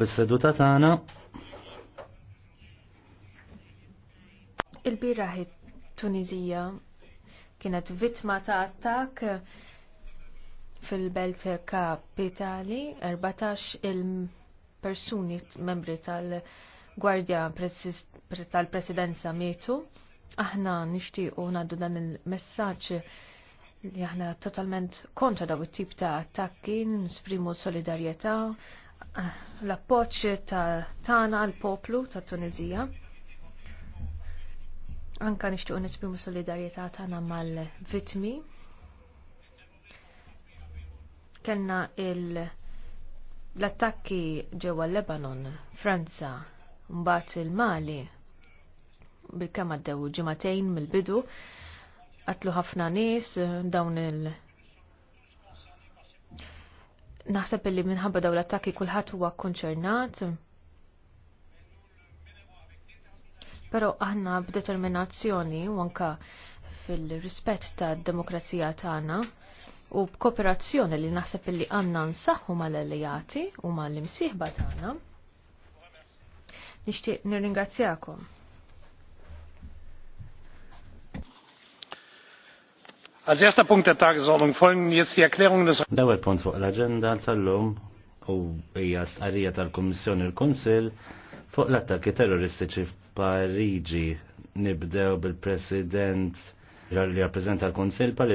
bis-seduta tagħna. Il-biraħ Tunizija kienet vittma ta' attak fil-belt kapitali 14 il-persuni membri tal-Gwardja tal-Presidenza mietu. Aħna nixtiequ ngħaddu dan il-messaġġ li aħna totalment kontra daw it-tip ta' attakki, nisprimu solidarjetà l-appoċ ta' tana għal poplu ta' Tunizija. Anka nishtuq nisprimu solidarieta tana mal-vitmi. Kenna l-attakki ġewwa Lebanon, Franza, mbagħad il-Mali bil-kemm għaddew ġimagħtejn mill-bidu qatlu ħafna nies dawn il- Naħseb illi minħabba daw l-attakki kulħadd huwa konċernat. Pero aħna b'determinazzjoni u anka fil-rispett ta' demokrazija tagħna u b'kooperazzjoni li naħseb illi għandna nsaħħu mal-alleati u mal-imsieħba tagħna. Nixtieq nirringrazzjakom. Als erster Punkt der Tagesordnung folgen jetzt die Erklärungen des l Punkt vor fuq l-aġenda tal-lum u hija stqarrija tal-Kummissjoni l-Kunsill fuq l-attakki terroristiċi f'Pariġi nibdew bil-President li rappreżenta l-Kunsill